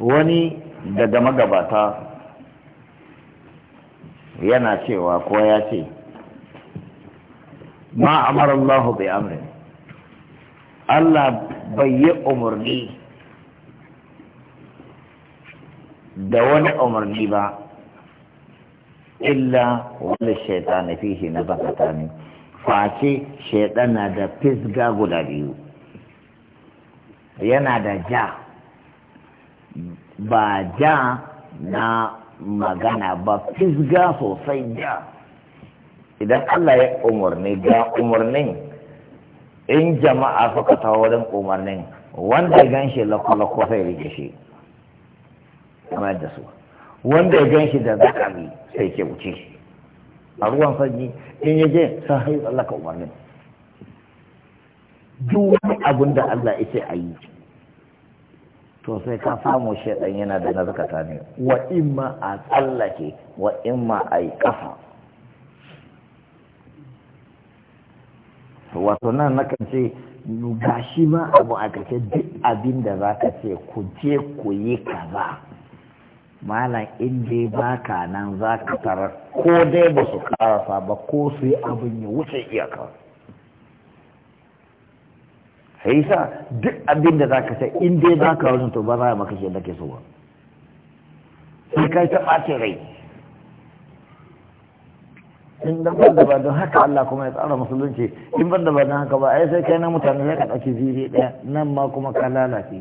wani daga magabata yana cewa ko ya ce ma amara Allah bai amrin Allah bai yi umarni da wani umarni ba illa wani shaitani fihi na bakata ne face shaitan na da fisga guda biyu yana da ja ba ja na magana ba fisga sosai ja idan Allah ya umarni ga umarnin in jama'a suka ta wurin umarnin wanda gan shi lakwalakwa sai rike shi kamar da su wanda gan shi da zakari sai ke wuce shi a ruwan sanyi in ya je sun hayi tsallaka umarnin duk wani abin da Allah ya ce a yi to sai ka samu shaidan yana da nazarkata ne wa imma a tsallake wa imma a yi kafa wato nan na kan ce ga shi ma abu a kake duk abin da za ka ce ku je ku yi kaza malam in dai baka nan za ka tarar ko dai ba su karasa ba ko su yi abin ya wuce iyaka. yi sa duk abin da za ka sai in za ka wajen to ba za a maka shi da ke so ba sai kai ta ɓace rai in da ban da ba don haka Allah kuma ya tsara musulunci in ban da ba don haka ba ai sai kai na mutane ya ka ɗauki ziri ɗaya nan ma kuma ka lalace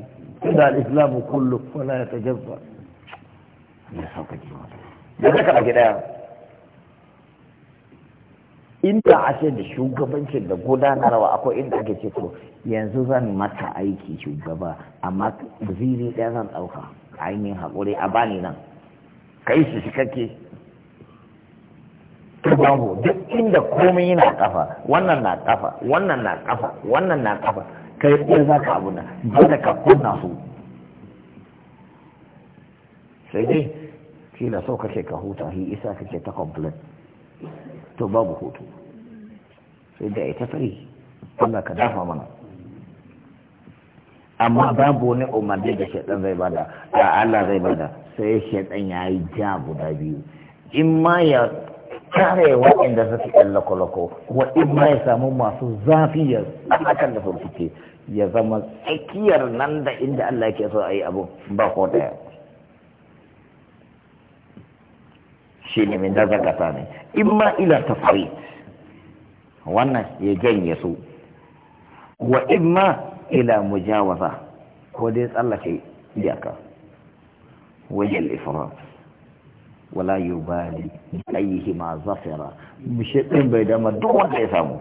da al-islamu kullu wala yatajazza ya sauka ki ya ka ɗauki ɗaya inda a ce da shugabancin da gudanarwa akwai inda ake ce to yanzu zan mata aiki shugaba amma ziri ɗaya zan ɗauka ainihin haƙuri a bani nan kai su shi kake babu duk inda komai yana kafa wannan na kafa wannan na kafa wannan na kafa kai ɗaya za ka abu na ba da ka kunna su sai dai kila so kake ka huta hi isa kake ta complain to babu hoto, sai da ita fari Allah ka dafa mana amma babu wani umarni da shaidan zai bada da Allah zai bada sai shaidan ya yi ja guda biyu in ma ya kare waɗanda suke ɗan lako-lako wa in ma ya samu masu zafi ya tsakan da furfuke ya zama tsakiyar nan da inda Allah ke so ayi abu ba ko ɗaya shi ne min nazakata ne in ma ila tafari wannan ya janye su wa in ma ila mujawaza ko dai tsallake iyaka wajen ifrat wala yubali ayyuhi ma zafira ɗin bai dama duk wanda ya samu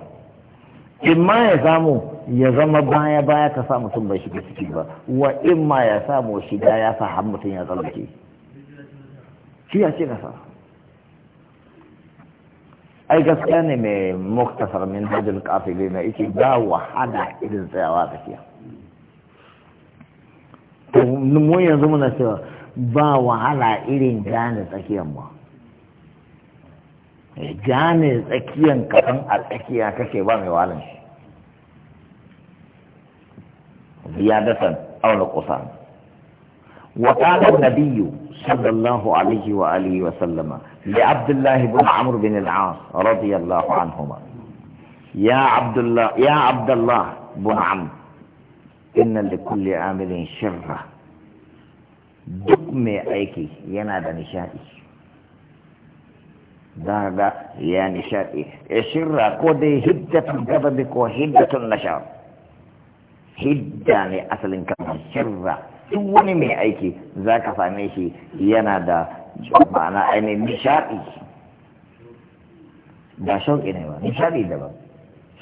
in ma ya samu ya zama baya baya ka sa mutum bai shiga ciki ba wa in ma ya samu shiga ya sa har mutum ya tsallake shi ya ce ka sa اي قصياني مختصر من هذه القافي بما ايش يباوى حدا اذن سيواتك يا مو ينظمنا سوى باوى على اذن جانس اكي اما جانس اكي ان قطن الاكي ان كشي بامي والن زيادة او نقصان وقال النبي صلى الله عليه وآله وسلم لعبد الله بن عمرو بن العاص رضي الله عنهما يا عبد الله يا عبد الله بن عمرو ان لكل عامل شرة دقمي ايكي ينا دا نشاتي دا دا يا نشاتي إيه شرة كودي هدة قبضك وهدة النشاط هدة اصل كم شرة توني مي ايكي ذاك فاميشي ينا دا ma'ana ainihin nishaɗi da shauƙi ne ba nishaɗi daban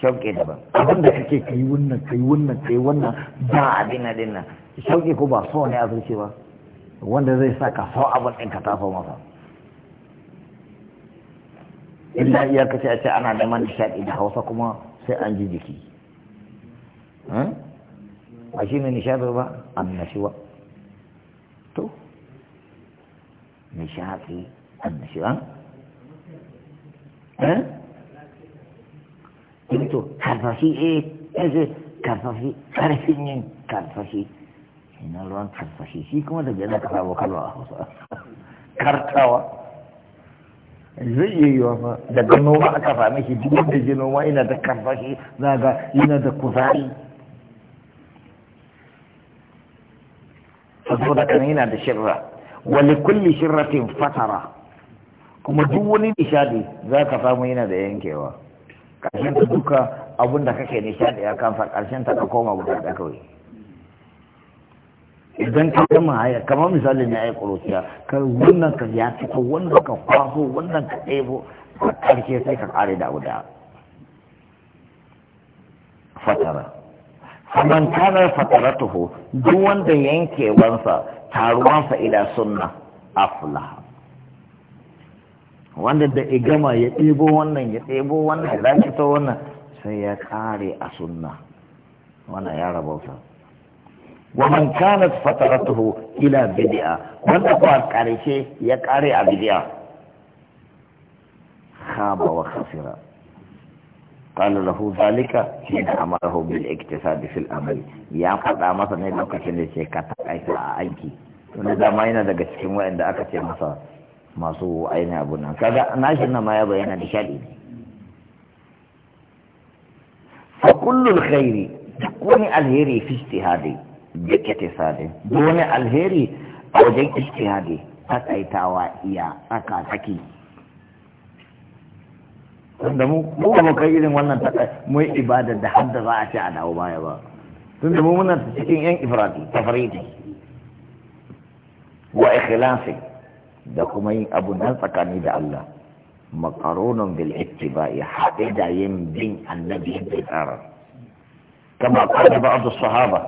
shauƙi daban abin da kake kai wannan kai wannan kai wannan ba abin adin nan shauƙi ko ba so ne a zuci ba wanda zai sa ka so abin ɗin ka tafa masa illa iya ce a ce ana neman nishaɗi da hausa kuma sai an ji jiki hmm? ba shi ne nishaɗi ba annashiwa to nishaɗi annashiwa eh to karfashi eh yanzu karfashi karfin yin karfashi ina ruwan karfashi shi kuma daga yana kasa wakalwa a hausa kartawa zai iya yiwa fa daga noma aka sami shi duk da ji noma ina da karfashi za ga ina da kuzari a saboda kan yana da shirra wali kulli shirratin fatara kuma duk wani nishadi za ka samu yana da yankewa ƙarshen ta duka abinda ka kake nishadi a kan ƙarshen ta ka koma guda da kawai idan ka gama haya kamar misali na aiki ƙuruciya ka wannan ka ya fito wannan ka kwaso wannan ka ɗebo a ƙarshe sai ka ƙare da guda fatara faman kana fataratuhu duk wanda yankewansa taruwansa ila sunna aflaha wanda da ya gama ya ɗebo wannan ya ɗebo wannan ya fito wannan sai ya ƙare a sunna wannan ya rabauta wa man kanat fataratuhu ila bid'a wanda kuwa ƙarshe ya ƙare a bid'a khaba wa khasira قال له ذلك حين أمره بالاكتساب في الأمل يا فدا masa ne lokacin da sai ka takaita a aiki tun da ma yana daga cikin wayanda aka ce masa masu aini abu nan kaga na nan ma ya bayyana da shadi ne fa kullu alkhairi wani alheri fi ijtihadi bi iktisadi dole alheri a wajen ijtihadi takaitawa iya aka tunda mu mu ba kai irin wannan ta mu yi ibada da hadda za a ce a dawo baya ba tunda mu muna cikin yan ifradi tafridi wa ikhlasi da kuma yin abu nan tsakani da Allah maqarunun bil ittiba'i haɗe da yin bin annabi da tsara kama qala ba'd as-sahaba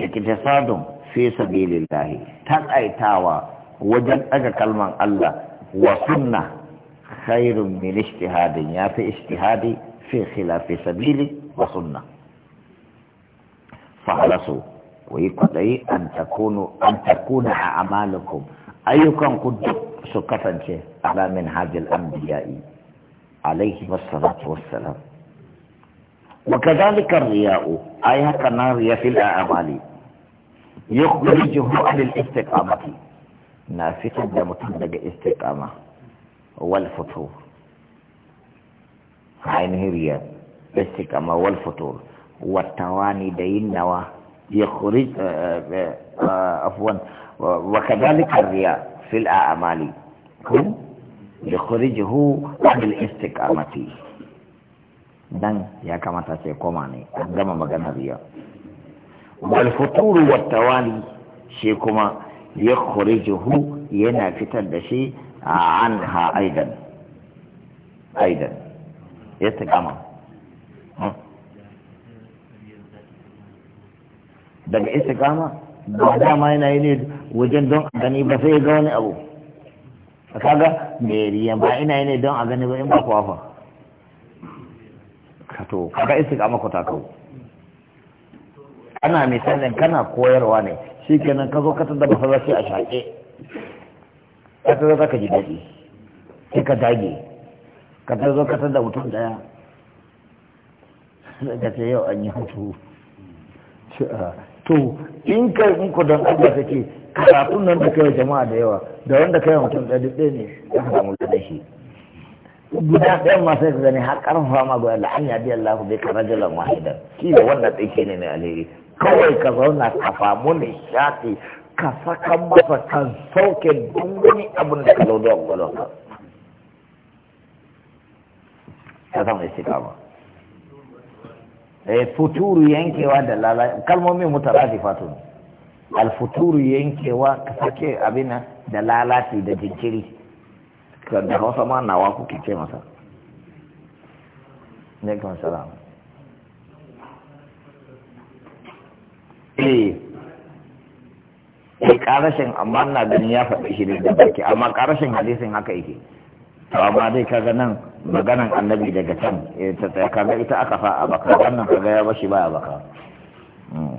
iktisadun fi sabilillah takaitawa wajen daga kalman Allah wa sunna خير من اجتهاد يا في اجتهادي في خلاف سبيلي وسنة فخلصوا ويقضي أن تكونوا أن تكون أعمالكم أيكم كنت سكفا على منهاج الأنبياء عليهم الصلاة والسلام وكذلك الرياء أي هكذا رياء في الأعمال يخرجه أهل الاستقامة نافقا لمتندق استقامة wal fitur fa ainihin riyar istikama wal fitur wattawa ne da yin nawa ya kuri eh, eh, eh, afuwan wa kadalikar riya fil a amali ku ya kuri jihu wani istikamati Dan ya kamata sai koma ne an gama magana riya wal fituru wattawa shi kuma ya kuri jihu yana fitar da shi عنها أيضا أيضا يتجمع daga isa istiqama ba da ma yana yi ne wajen don a gani ba sai ga wani abu a kaga meriya ba ina yi ne don a gani ba in ba kwafa ka to kaga istiqama ku ta kawo ana misalin kana koyarwa ne shi kenan ka zo ka tada ba sai a shaƙe ka za ka ji daɗi sai ka dage ka zo ka da mutum ɗaya da ta yau an yi hutu to in ka in ku don Allah ke karatun nan da kai jama'a da yawa da wanda kai mutum da duk ne ya samu da shi guda ɗayan masu sai ka gani har karfa ma goya da an yadi Allah bai ka rajulan wahida shi da wannan tsike ne ne alheri kawai ka zauna ka famu ne shafi ka saka masa ka sauke duk wani abin da ka lauda a gwalonka ta samu istiqama eh futuru yankewa da lalacewa kalmomin mutaradifatun alfuturu yankewa ka sake abin da lalaci da jinkiri da hausa ma nawa kuke ce masa ne kan salama. Eh, sai karashin amma na ganin ya faɗi shi da baki amma karashin hadisin haka yake to amma dai kaga nan maganan annabi daga can eh, ta kaga ita aka fa a baka wannan kaga ya bashi ba baka hmm.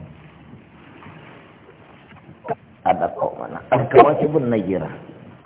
a ɗauko mana alkawaci bin na gira